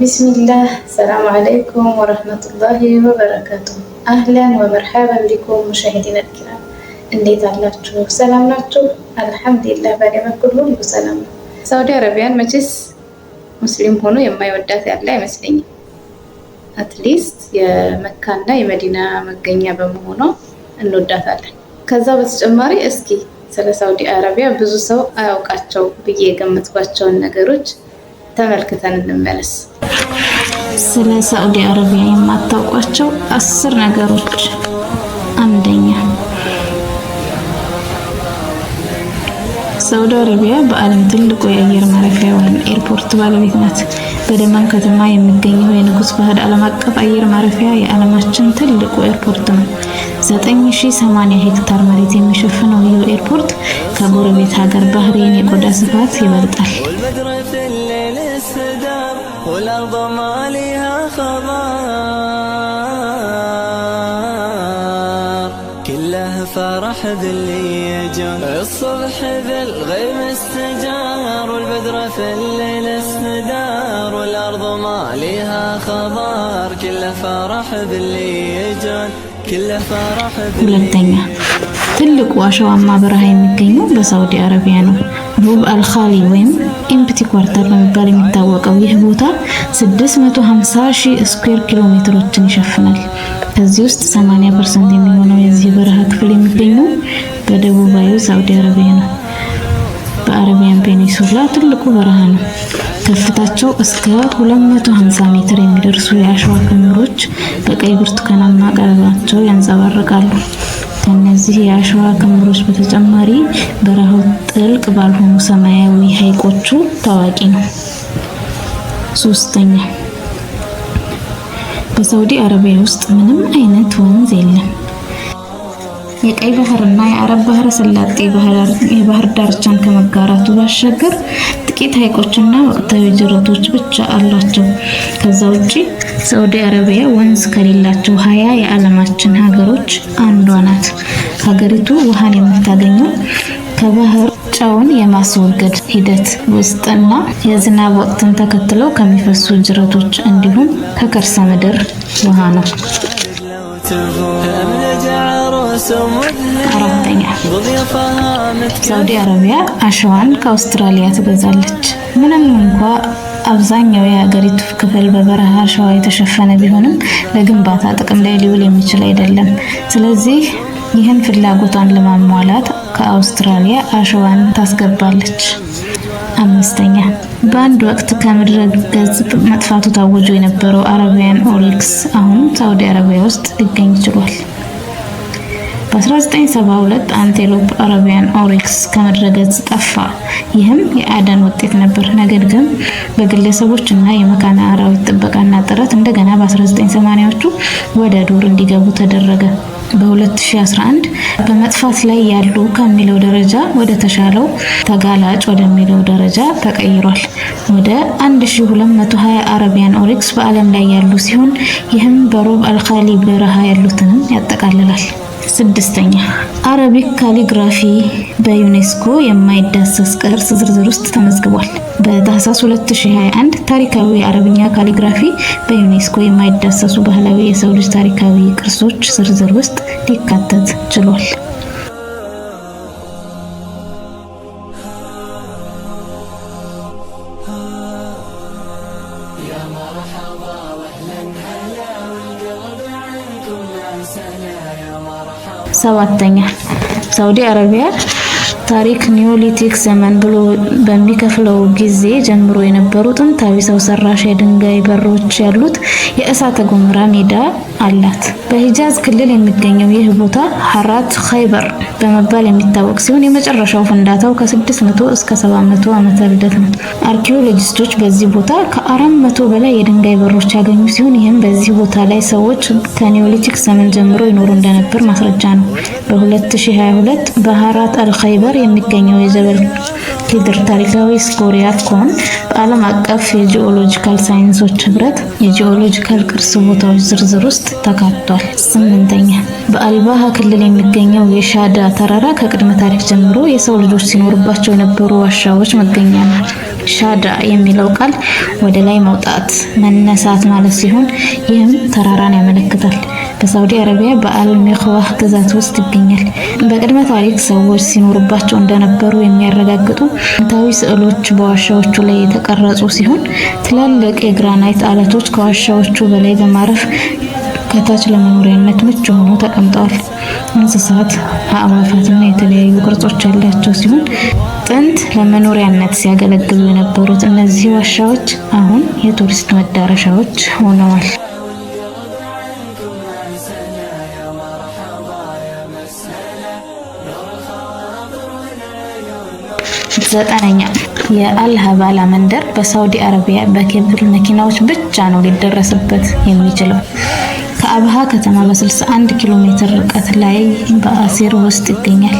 ቢስሚላህ ሰላም አለይኩም ወረህመቱላሂ ወበረካቱ። አህለን ወመርሐበን ቢኩም ሙሻሂዲን አልኪራም፣ እንዴት አላችሁ? ሰላም ናችሁ? አልሐምዱሊላህ በኔ በኩል ሁሉ ሰላም ነው። ሳውዲ አረቢያን መቼስ ሙስሊም ሆኖ የማይወዳት ያለ አይመስለኝም። አትሊስት የመካና የመዲና መገኛ በመሆኗ እንወዳታለን። ከዛ በተጨማሪ እስኪ ስለ ሳውዲ አረቢያ ብዙ ሰው አያውቃቸው ብዬ የገመትኳቸውን ነገሮች ተመልክተን እንመለስ። ስለ ሳዑዲ አረቢያ የማታውቋቸው አስር ነገሮች። አንደኛ ሳዑዲ አረቢያ በዓለም ትልቁ የአየር ማረፊያ ወይም ኤርፖርት ባለቤት ናት። በደማም ከተማ የሚገኘው የንጉስ ፈህድ ዓለም አቀፍ አየር ማረፊያ የዓለማችን ትልቁ ኤርፖርት ነው። 9080 ሄክታር መሬት የሚሸፍነው ይህ ኤርፖርት ከጎረቤት ሀገር ባህሬን የቆዳ ስፋት ይበልጣል። والصبار كله فرح ذلي يجون الصبح ذل غيم استجار والبدر في الليل استدار والأرض ما لها خضار كله فرح ذلي يجون كله فرح ذلي يجون ትልቁ አሸዋማ በረሃ የሚገኘው በሳውዲ አረቢያ ነው። ቡብ አልካሊ ወይም ኢምፕቲ ኳርተር በመባል የሚታወቀው ይህ ቦታ 650 ሺህ ስኩዌር ኪሎ ሜትሮችን ይሸፍናል። ከዚህ ውስጥ 80 ፐርሰንት የሚሆነው የዚህ በረሃ ክፍል የሚገኘው በደቡባዊ ሳውዲ አረቢያ ነው። በአረቢያን ፔኒሱላ ትልቁ በረሃ ነው። ከፍታቸው እስከ 250 ሜትር የሚደርሱ የአሸዋ ክምሮች በቀይ ብርቱካናማ ቀለማቸው ያንጸባርቃሉ። ከእነዚህ የአሸዋ ክምሮች በተጨማሪ በረሃው ጥልቅ ባልሆኑ ሰማያዊ ሐይቆቹ ታዋቂ ነው። ሶስተኛ በሳውዲ አረቢያ ውስጥ ምንም አይነት ወንዝ የለም። የቀይ ባህርና የአረብ ባህረ ሰላጤ የባህር ዳርቻን ከመጋራቱ ባሻገር ጥቂት ሐይቆችና ወቅታዊ ጅረቶች ብቻ አሏቸው። ከዛ ውጪ ሳውዲ አረቢያ ወንዝ ከሌላቸው ሀያ የዓለማችን ሀገሮች አንዷ ናት። ሀገሪቱ ውሃን የምታገኘው ከባህር ጫውን የማስወገድ ሂደት ውስጥና የዝናብ ወቅትን ተከትለው ከሚፈሱ ጅረቶች እንዲሁም ከከርሰ ምድር ውሃ ነው። አራተኛ ሳውዲ አረቢያ አሸዋን ከአውስትራሊያ ትገዛለች። ምንም እንኳ አብዛኛው የሀገሪቱ ክፍል በበረሃ አሸዋ የተሸፈነ ቢሆንም ለግንባታ ጥቅም ላይ ሊውል የሚችል አይደለም። ስለዚህ ይህን ፍላጎቷን ለማሟላት ከአውስትራሊያ አሸዋን ታስገባለች። አምስተኛ በአንድ ወቅት ከምድረ ገጽ መጥፋቱ ታወጆ የነበረው አረቢያን ኦሪክስ አሁን ሳውዲ አረቢያ ውስጥ ሊገኝ ችሏል። በ1972 አንቴሎፕ አረቢያን ኦሪክስ ከምድረገጽ ጠፋ። ይህም የአደን ውጤት ነበር። ነገር ግን በግለሰቦች እና የመካነ አራዊት ጥበቃና ጥረት እንደገና በ1980ዎቹ ወደ ዱር እንዲገቡ ተደረገ። በ2011 በመጥፋት ላይ ያሉ ከሚለው ደረጃ ወደ ተሻለው ተጋላጭ ወደሚለው ደረጃ ተቀይሯል። ወደ 1220 አረቢያን ኦሪክስ በዓለም ላይ ያሉ ሲሆን ይህም በሮብ አልካሊ በረሃ ያሉትንም ያጠቃልላል። ስድስተኛ አረቢክ ካሊግራፊ በዩኔስኮ የማይዳሰስ ቅርስ ዝርዝር ውስጥ ተመዝግቧል። በታህሳስ 2021 ታሪካዊ የአረብኛ ካሊግራፊ በዩኔስኮ የማይዳሰሱ ባህላዊ የሰው ልጅ ታሪካዊ ቅርሶች ዝርዝር ውስጥ ሊካተት ችሏል። ሰባተኛ ሳውዲ አረቢያ ታሪክ ኒዮሊቲክ ዘመን ብሎ በሚከፍለው ጊዜ ጀምሮ የነበሩ ጥንታዊ ሰው ሰራሽ የድንጋይ በሮች ያሉት የእሳተ ጎመራ ሜዳ አላት። በሂጃዝ ክልል የሚገኘው ይህ ቦታ ሀራት ኸይበር በመባል የሚታወቅ ሲሆን የመጨረሻው ፍንዳታው ከ600 እስከ 700 ዓመተ ልደት ነው። አርኪኦሎጂስቶች በዚህ ቦታ ከ400 በላይ የድንጋይ በሮች ያገኙ ሲሆን ይህም በዚህ ቦታ ላይ ሰዎች ከኒዮሊቲክ ዘመን ጀምሮ ይኖሩ እንደነበር ማስረጃ ነው። በ2022 በሀራት አልኸይበር የሚገኘው የጀበል የግር ታሪካዊ ስኮሪያ ኮን በዓለም አቀፍ የጂኦሎጂካል ሳይንሶች ህብረት የጂኦሎጂካል ቅርስ ቦታዎች ዝርዝር ውስጥ ተካቷል። ስምንተኛ በአልባሃ ክልል የሚገኘው የሻዳ ተራራ ከቅድመ ታሪክ ጀምሮ የሰው ልጆች ሲኖርባቸው የነበሩ ዋሻዎች መገኛ ነው። ሻዳ የሚለው ቃል ወደ ላይ መውጣት፣ መነሳት ማለት ሲሆን ይህም ተራራን ያመለክታል። በሳውዲ አረቢያ በአልሚክዋህ ግዛት ውስጥ ይገኛል። በቅድመ ታሪክ ሰዎች ሲኖሩባቸው እንደነበሩ የሚያረጋግጡ ጥንታዊ ስዕሎች በዋሻዎቹ ላይ የተቀረጹ ሲሆን ትላልቅ የግራናይት አለቶች ከዋሻዎቹ በላይ በማረፍ ከታች ለመኖሪያነት ምቹ ሆኖ ተቀምጠዋል። እንስሳት፣ አእዋፋትና የተለያዩ ቅርጾች ያላቸው ሲሆን ጥንት ለመኖሪያነት ሲያገለግሉ የነበሩት እነዚህ ዋሻዎች አሁን የቱሪስት መዳረሻዎች ሆነዋል። ዘጠነኛ የአልሀባላ መንደር በሳውዲ አረቢያ በኬብል መኪናዎች ብቻ ነው ሊደረስበት የሚችለው። ከአብሃ ከተማ በ61 ኪሎ ሜትር ርቀት ላይ በአሲር ውስጥ ይገኛል።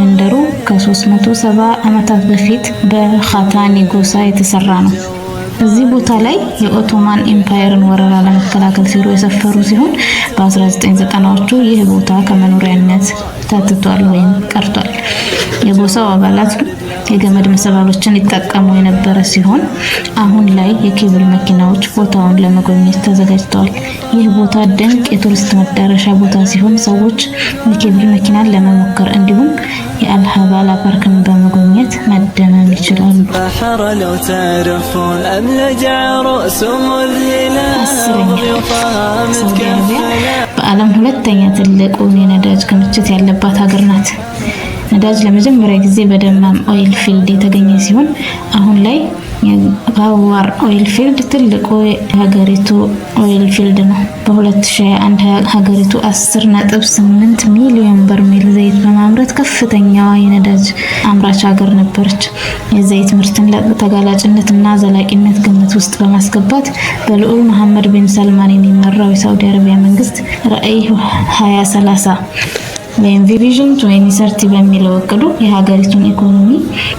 መንደሩ ከ370 ዓመታት በፊት በካታኒ ጎሳ የተሰራ ነው። እዚህ ቦታ ላይ የኦቶማን ኤምፓየርን ወረራ ለመከላከል ሲሉ የሰፈሩ ሲሆን በ1990ዎቹ ይህ ቦታ ከመኖሪያነት ተትቷል ወይም ቀርቷል። የጎሳው አባላት የገመድ መሰላሎችን ይጠቀሙ የነበረ ሲሆን አሁን ላይ የኬብል መኪናዎች ቦታውን ለመጎብኘት ተዘጋጅተዋል። ይህ ቦታ ድንቅ የቱሪስት መዳረሻ ቦታ ሲሆን ሰዎች የኬብል መኪናን ለመሞከር እንዲሁም የአልሀባላ ፓርክን በመጎብኘት መደመም ይችላሉ። በዓለም ሁለተኛ ትልቁ የነዳጅ ክምችት ያለባት ሀገር ናት። ነዳጅ ለመጀመሪያ ጊዜ በደማም ኦይል ፊልድ የተገኘ ሲሆን አሁን ላይ የጋዋር ኦይል ፊልድ ትልቁ የሀገሪቱ ኦይል ፊልድ ነው። በ2021 ሀገሪቱ 10.8 ሚሊዮን በርሜል ዘይት በማምረት ከፍተኛዋ የነዳጅ አምራች ሀገር ነበረች። የዘይት ምርትን ተጋላጭነት እና ዘላቂነት ግምት ውስጥ በማስገባት በልዑል መሐመድ ቢን ሰልማን የሚመራው የሳውዲ አረቢያ መንግስት ራዕይ 2030 ወይም 2030 በሚለው እቅዱ የሀገሪቱን ኢኮኖሚ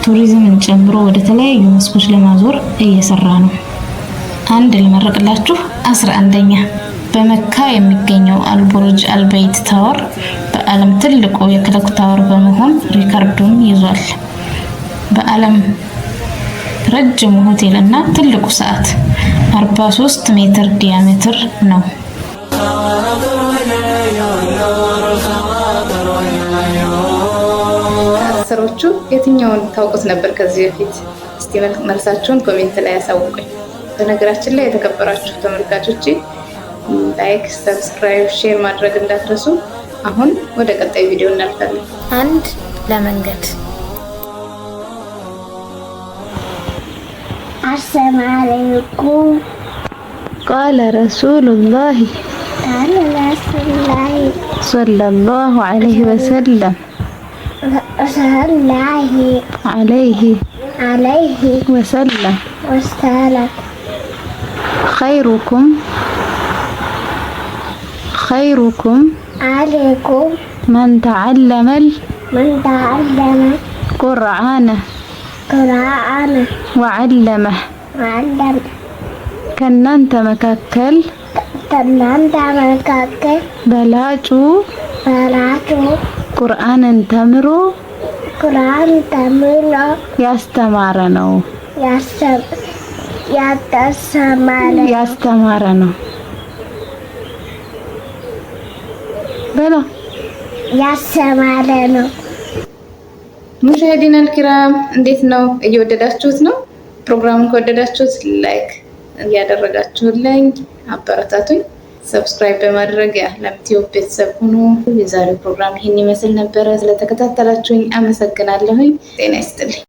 ቱሪዝምን ጨምሮ ወደ ተለያዩ መስኮች ለማዞር እየሰራ ነው። አንድ ልመረቅላችሁ። አስራ አንደኛ በመካ የሚገኘው አልቡርጅ አልበይት ታወር በዓለም ትልቁ የክለክ ታወር በመሆን ሪከርዱን ይዟል። በዓለም ረጅሙ ሆቴል እና ትልቁ ሰዓት 43 ሜትር ዲያሜትር ነው። ስራዎቹ የትኛውን ታውቁት ነበር ከዚህ በፊት? እስቲ መልሳችሁን ኮሜንት ላይ ያሳውቁኝ። በነገራችን ላይ የተከበራችሁ ተመልካቾች ላይክ፣ ሰብስክራይብ፣ ሼር ማድረግ እንዳትረሱ። አሁን ወደ ቀጣይ ቪዲዮ እናልፋለን። አንድ ለመንገድ አሰላሙ አለይኩም ቃለ ረሱሉላሂ ሰለላሁ አለይሂ ወሰለም وصلى عليه عليه عليه وسلم وسلم خيركم خيركم عليكم من تعلم ال من تعلم القرآن قرآن وعلمه وعلمه كننت مككل كننت مككل بلاجو بلاجو ቁርአንን ተምሮ ቁርአን ተምሮ ያስተማረ ነው ያስተማረ ነው በለው ያስተማረ ነው። ሙሻሂዲን አልኪራም እንዴት ነው? እየወደዳችሁት ነው? ፕሮግራሙን ከወደዳችሁት ላይክ እያደረጋችሁልኝ አበረታቱኝ። ሰብስክራይብ በማድረግ የአህለም ቲዩብ ቤተሰብ ሁኑ። የዛሬው ፕሮግራም ይህን ይመስል ነበረ። ስለተከታተላችሁኝ አመሰግናለሁኝ። ጤና ይስጥልኝ።